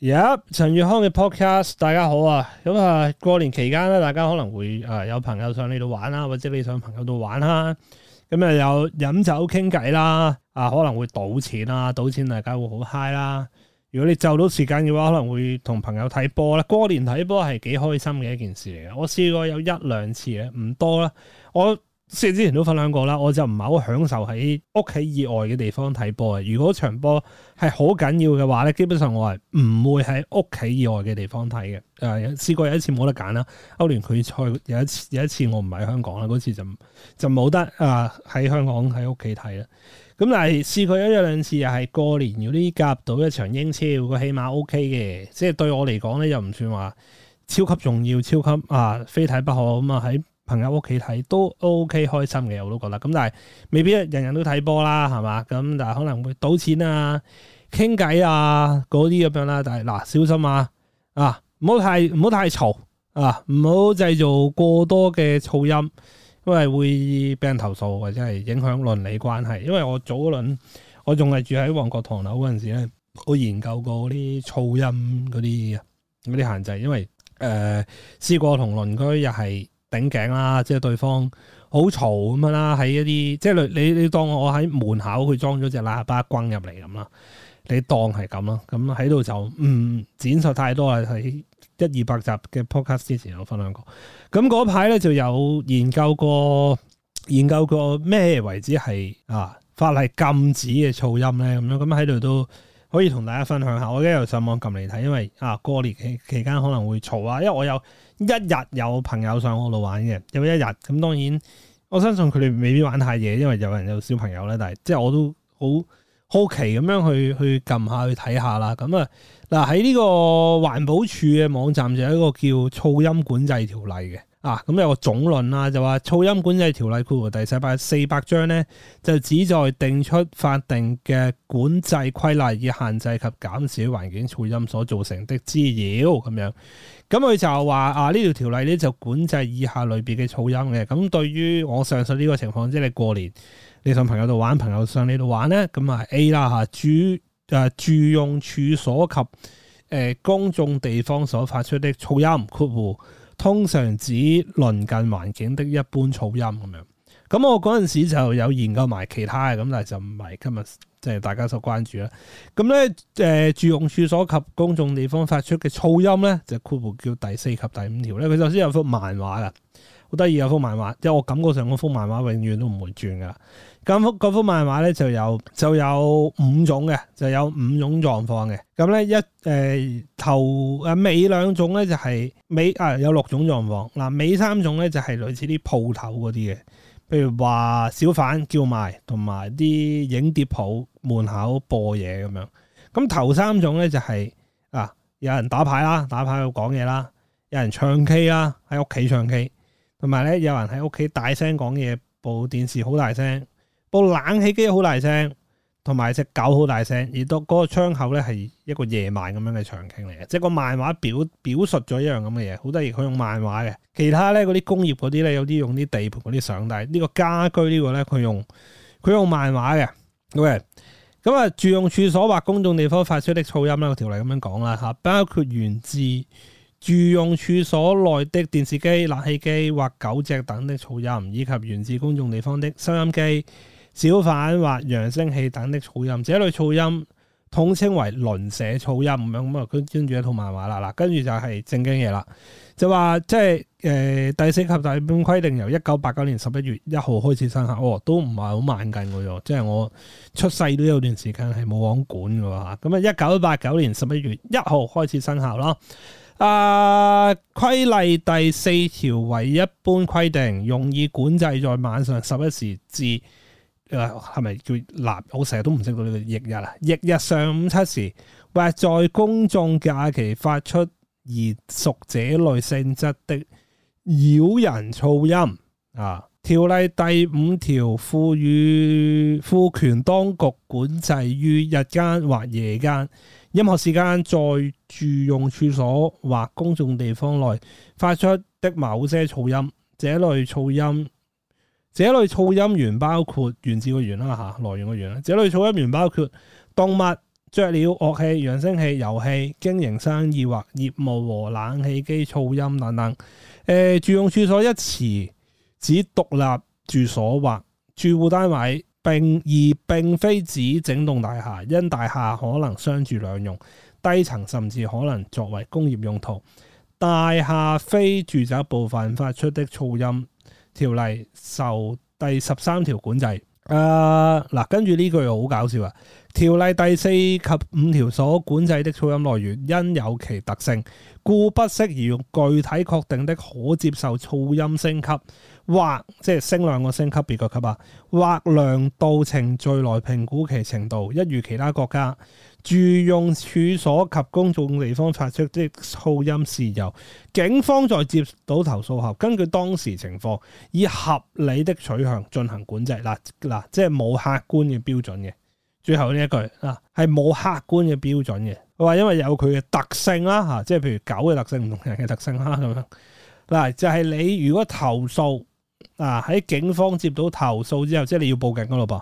Yep，陳粵康嘅 podcast，大家好啊！咁啊，過年期間咧，大家可能會啊有朋友上你度玩啦，或者你上朋友度玩啦。咁啊有飲酒傾偈啦，啊可能會賭錢啦，賭錢大家會好嗨啦。如果你就到時間嘅話，可能會同朋友睇波啦。過年睇波係幾開心嘅一件事嚟嘅。我試過有一兩次咧，唔多啦，我。之前都分享過啦，我就唔係好享受喺屋企以外嘅地方睇波嘅。如果場波係好緊要嘅話咧，基本上我係唔會喺屋企以外嘅地方睇嘅。誒、啊，試過有一次冇得揀啦，歐聯決賽有一次，有一次我唔喺香港啦，嗰次就就冇得啊喺香港喺屋企睇啦。咁但係試過一、二兩次又係過年嗰啲夾入到一場英超，個起碼 OK 嘅，即係對我嚟講咧又唔算話超級重要、超級啊非睇不可咁啊喺。嗯朋友屋企睇都 OK，開心嘅我都覺得。咁但係未必人人都睇波啦，係嘛？咁但係可能會賭錢啊、傾偈啊嗰啲咁樣啦。但係嗱，小心啊！啊，唔好太唔好太嘈啊，唔好製造過多嘅噪音，因為會俾人投訴或者係影響鄰里關係。因為我早一輪，我仲係住喺旺角唐樓嗰陣時咧，我研究過嗰啲噪音嗰啲嗰啲限制，因為誒試過同鄰居又係。頂頸啦，即係對方好嘈咁樣啦，喺一啲即係你你當我喺門口佢裝咗隻喇叭轟入嚟咁啦，你當係咁啦，咁喺度就唔展述太多啊，喺一二百集嘅 podcast 之前我分享過，咁嗰排咧就有研究過研究過咩為止係啊法例禁止嘅噪音咧咁樣，咁喺度都。可以同大家分享下，我今日上網撳嚟睇，因為啊過年期期間可能會嘈啊，因為我有一日有朋友上我度玩嘅，有一日咁當然我相信佢哋未必玩太夜，因為有人有小朋友咧，但係即係我都好好奇咁樣去去撳下去睇下啦。咁啊嗱喺呢個環保署嘅網站就有一個叫噪音管制條例嘅。啊，咁、嗯、有個總論啦，就話《噪音管制條例》括弧第四百、四百章呢，就旨在定出法定嘅管制規例，以限制及減少環境噪音所造成的滋擾咁樣。咁佢就話啊，呢條條例呢，條條例就管制以下類別嘅噪音嘅。咁、嗯、對於我上述呢個情況，即係你過年你上朋友度玩，朋友上你度玩咧，咁啊 A 啦嚇，住、啊、誒住用處所及誒、呃、公眾地方所發出的噪音括弧。通常指鄰近環境的一般噪音咁樣，咁我嗰陣時就有研究埋其他嘅，咁但係就唔係今日即係大家所關注啦。咁咧誒，住用處所及公眾地方發出嘅噪音咧，就括弧叫第四及第五條咧。佢首先有幅漫畫噶，好得意有幅漫畫，即係我感覺上嗰幅漫畫永遠都唔會轉噶。咁幅嗰幅漫畫咧就有就有五種嘅，就有五種狀況嘅。咁咧一誒、呃、頭誒尾兩種咧就係、是、尾啊有六種狀況。嗱尾三種咧就係、是、類似啲鋪頭嗰啲嘅，譬如話小販叫賣同埋啲影碟鋪門口播嘢咁樣。咁頭三種咧就係、是、啊有人打牌啦，打牌喺度講嘢啦，有人唱 K 啦，喺屋企唱 K，同埋咧有人喺屋企大聲講嘢，部電視好大聲，部冷氣機好大聲，同埋隻狗好大聲，而到嗰個窗口咧係一個夜晚咁樣嘅場景嚟嘅，即係個漫畫表表述咗一樣咁嘅嘢，好得意，佢用漫畫嘅。其他咧嗰啲工業嗰啲咧有啲用啲地盤嗰啲相，但係呢個家居個呢個咧佢用佢用漫畫嘅。OK，咁啊，住用處所或公眾地方發出的噪音啦，條例咁樣講啦吓，包括源自住用處所內的電視機、冷氣機或狗隻等的噪音，以及源自公眾地方的收音機。小販或揚聲器等的噪音，這一類噪音統稱為鄰舍噪音。咁樣咁啊，跟跟住一套漫畫啦，嗱，跟住就係正經嘢啦，就話即係誒、呃、第四級大本規定，由一九八九年十一月一號開始生效。哦，都唔係好慢近嘅喎，即係我出世都有段時間係冇管嘅喎，咁啊，一九八九年十一月一號開始生效啦。啊、呃，規例第四條為一般規定，容易管制在晚上十一時至係咪叫立？我成日都唔識到呢個翌日啊！翌日上午七時或在公眾假期發出而屬這類性質的擾人噪音啊！條例第五條賦予賦權當局管制於日間或夜間音樂時間在住用處所或公眾地方內發出的某些噪音，這類噪音。這類噪音源包括源自個源啦嚇來源個源。這類噪音源包括動物、雀鳥、樂器、揚聲器、遊戲、經營生意或業務和冷氣機噪音等等。誒、呃，住用處所一詞指獨立住所或住戶單位，並而並非指整棟大廈，因大廈可能商住兩用，低層甚至可能作為工業用途。大廈非住宅部分發出的噪音。條例受第十三條管制。誒、呃、嗱，跟住呢句好搞笑啊！條例第四及五條所管制的噪音來源，因有其特性，故不適宜用具體確定的可接受噪音升級。或即係升兩個升級別個級啊，或量度程序來評估其程度，一如其他國家住用處所及公眾地方發出即噪音是由警方在接到投訴後，根據當時情況以合理的取向進行管制。嗱嗱，即係冇客觀嘅標準嘅。最後呢一句啊，係冇客觀嘅標準嘅。佢話因為有佢嘅特性啦，嚇，即係譬如狗嘅特性唔同人嘅特性啦，咁樣嗱，就係、是、你如果投訴。啊！喺警方接到投訴之後，即係你要報警咯噃。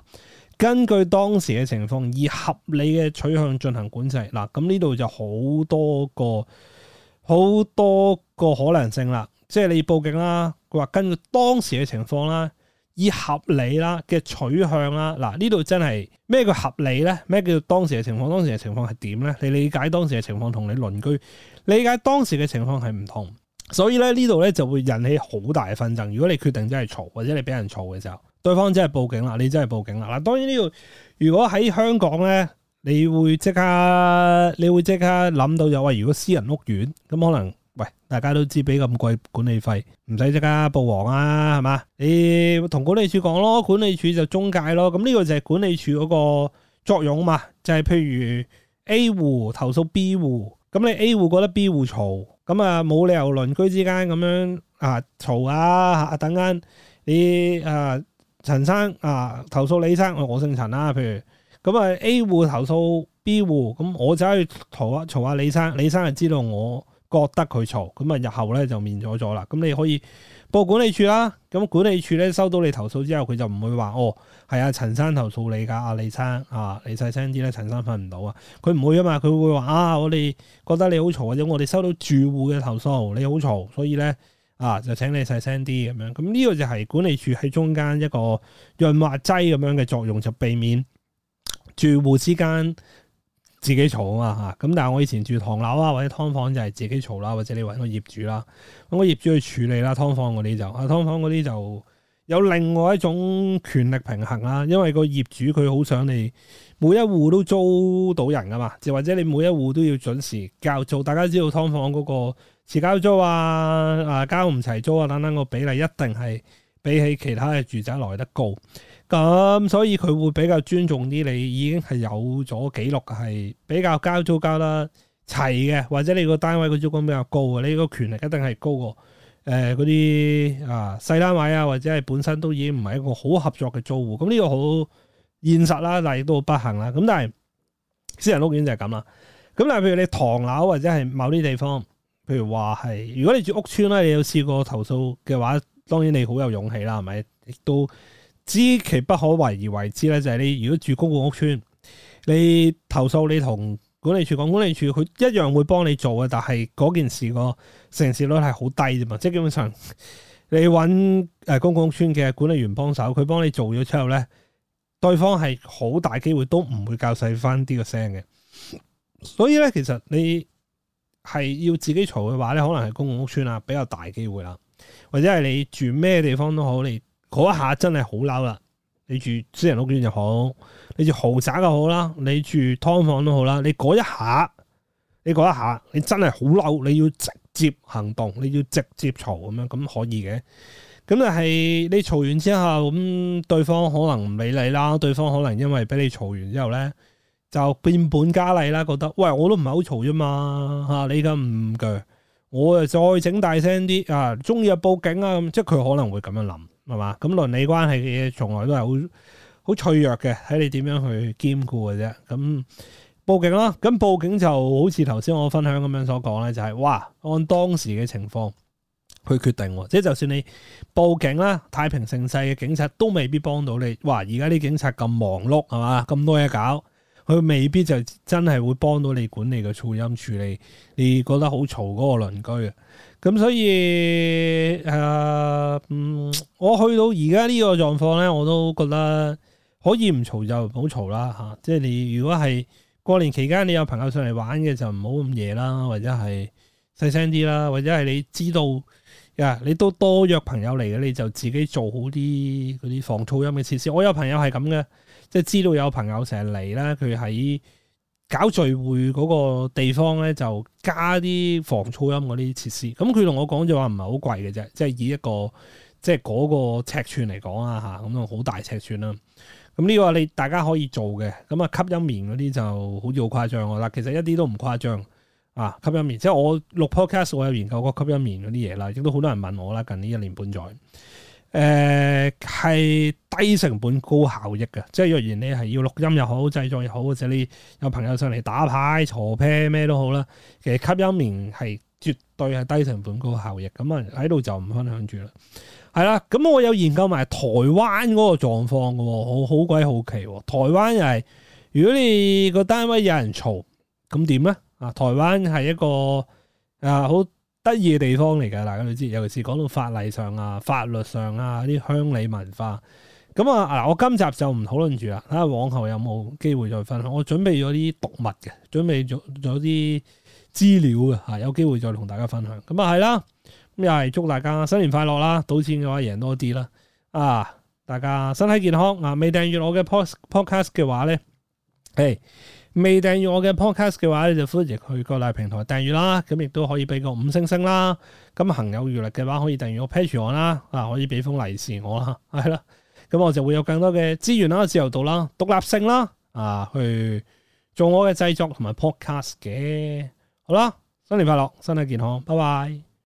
根據當時嘅情況，以合理嘅取向進行管制。嗱、啊，咁呢度就好多個好多個可能性啦。即係你要報警啦，佢話根據當時嘅情況啦，以合理啦嘅取向啦。嗱、啊，呢度真係咩叫合理咧？咩叫當時嘅情況？當時嘅情況係點咧？你理解當時嘅情況同你鄰居理解當時嘅情況係唔同。所以咧，呢度咧，就會引起好大嘅紛爭。如果你決定真係嘈，或者你俾人嘈嘅時候，對方真係報警啦，你真係報警啦。嗱，當然呢度，如果喺香港咧，你會即刻你會即刻諗到有話。如果私人屋苑咁可能喂，大家都知俾咁貴管理費，唔使即刻報黃啊，係嘛？你同管理處講咯，管理處就中介咯。咁呢個就係管理處嗰個作用嘛，就係、是、譬如 A 戶投訴 B 戶，咁你 A 戶覺得 B 戶嘈。咁啊，冇理由鄰居之間咁樣、呃、啊嘈啊等間你啊陳生啊投訴李生，我姓陳啦、啊。譬如咁啊，A 戶投訴 B 戶，咁我就可以嘈啊嘈下李生，李生就知道我覺得佢嘈，咁啊日後咧就免咗咗啦。咁你可以。個管理處啦，咁管理處咧收到你投訴之後，佢就唔會話哦，係啊，陳生投訴你噶，阿、啊、李生啊，你細聲啲咧，啊，陳生瞓唔到啊，佢唔會啊嘛，佢會話啊，我哋覺得你好嘈，或者我哋收到住戶嘅投訴，你好嘈，所以咧啊，就請你細聲啲咁樣，咁、嗯、呢、這個就係管理處喺中間一個潤滑劑咁樣嘅作用，就避免住戶之間。自己嘈啊嘛嚇，咁但係我以前住唐樓啊或者劏房就係自己嘈啦，或者你揾個業主啦，咁個業主去處理啦。劏房嗰啲就，啊劏房嗰啲就有另外一種權力平衡啦，因為個業主佢好想你每一戶都租到人㗎嘛，就或者你每一戶都要準時交租。大家知道劏房嗰個遲交租啊、啊交唔齊租啊等等個比例一定係比起其他嘅住宅來得高。咁、嗯、所以佢會比較尊重啲你，已經係有咗記錄，係比較交租交得齊嘅，或者你個單位嘅租金比較高嘅，你個權力一定係高過誒嗰啲啊細單位啊，或者係本身都已經唔係一個好合作嘅租戶。咁、嗯、呢、這個好現實啦，但係亦都好不幸啦。咁但係私人屋苑就係咁啦。咁但係譬如你唐樓或者係某啲地方，譬如話係如果你住屋村啦，啊，你有試過投訴嘅話，當然你好有勇氣啦，係咪？亦都。知其不可為而為之咧，就係你如果住公共屋邨，你投訴你同管理處講，管理處佢一樣會幫你做嘅，但係嗰件事個成事率係好低啫嘛。即係基本上你搵誒公共屋邨嘅管理員幫手，佢幫你做咗之後咧，對方係好大機會都唔會較細返啲個聲嘅。所以咧，其實你係要自己嘈嘅話咧，你可能係公共屋邨啊比較大機會啦，或者係你住咩地方都好，你。嗰一下真係好嬲啦！你住私人屋苑又好，你住豪宅又好啦，你住劏房都好啦。你嗰一下，你嗰一下，你真係好嬲，你要直接行動，你要直接嘈咁樣，咁可以嘅。咁就係你嘈完之後，咁對方可能唔理你啦。對方可能因為俾你嘈完之後咧，就變本加厲啦，覺得喂我都唔係好嘈啫嘛，吓你咁句，我啊再整大聲啲啊，中意就報警啊咁，即係佢可能會咁樣諗。係嘛？咁倫理關係嘅嘢從來都係好好脆弱嘅，睇你點樣去兼顧嘅啫。咁報警咯，咁報警就好似頭先我分享咁樣所講咧，就係哇，按當時嘅情況去決定。即係就算你報警啦，太平盛世嘅警察都未必幫到你。哇！而家啲警察咁忙碌係嘛？咁多嘢搞，佢未必就真係會幫到你管理個噪音處理。你覺得好嘈嗰個鄰居啊？咁所以，誒、啊，嗯，我去到而家呢個狀況咧，我都覺得可以唔嘈就唔好嘈啦，嚇、啊！即係你如果係過年期間，你有朋友上嚟玩嘅就唔好咁夜啦，或者係細聲啲啦，或者係你知道，啊，你都多約朋友嚟嘅，你就自己做好啲嗰啲防噪音嘅設施。我有朋友係咁嘅，即係知道有朋友成日嚟啦，佢喺搞聚會嗰個地方咧，就加啲防噪音嗰啲設施。咁佢同我講就話唔係好貴嘅啫，即係以一個即係嗰個尺寸嚟講啊，吓，咁好大尺寸啦。咁呢個你大家可以做嘅。咁啊吸音棉嗰啲就好似好誇張啦。其實一啲都唔誇張啊，吸音棉。即係我錄 podcast，我有研究過吸音棉嗰啲嘢啦，亦都好多人問我啦，近呢一年半載。誒係、呃、低成本高效益嘅，即係若然你係要錄音又好，製作又好，或者你有朋友上嚟打牌、搓啤咩都好啦，其實吸音棉係絕對係低成本高效益，咁啊喺度就唔分享住啦。係啦，咁我有研究埋台灣嗰個狀況嘅，我好鬼好奇喎、哦。台灣又係如果你個單位有人嘈，咁點咧？啊，台灣係一個啊好。呃得意嘅地方嚟㗎，大家都知，尤其是講到法例上啊、法律上啊、啲鄉里文化，咁啊，我今集就唔討論住啦，睇下往後有冇機會再分享。我準備咗啲讀物嘅，準備咗、啊、有啲資料嘅，吓有機會再同大家分享。咁啊係啦，咁、嗯、又係祝大家新年快樂啦，賭錢嘅話贏多啲啦，啊，大家身體健康。啊，未訂閱我嘅 pod podcast 嘅話咧，誒。未訂閱我嘅 podcast 嘅話，你就歡迎去各大平台訂閱啦。咁亦都可以俾個五星星啦。咁、嗯、行有餘力嘅話，可以訂閱我 Patreon 啦。啊，可以俾封利是我啦，係啦。咁、嗯、我就會有更多嘅資源啦、自由度啦、獨立性啦，啊，去做我嘅製作同埋 podcast 嘅。好啦，新年快樂，身體健康，拜拜。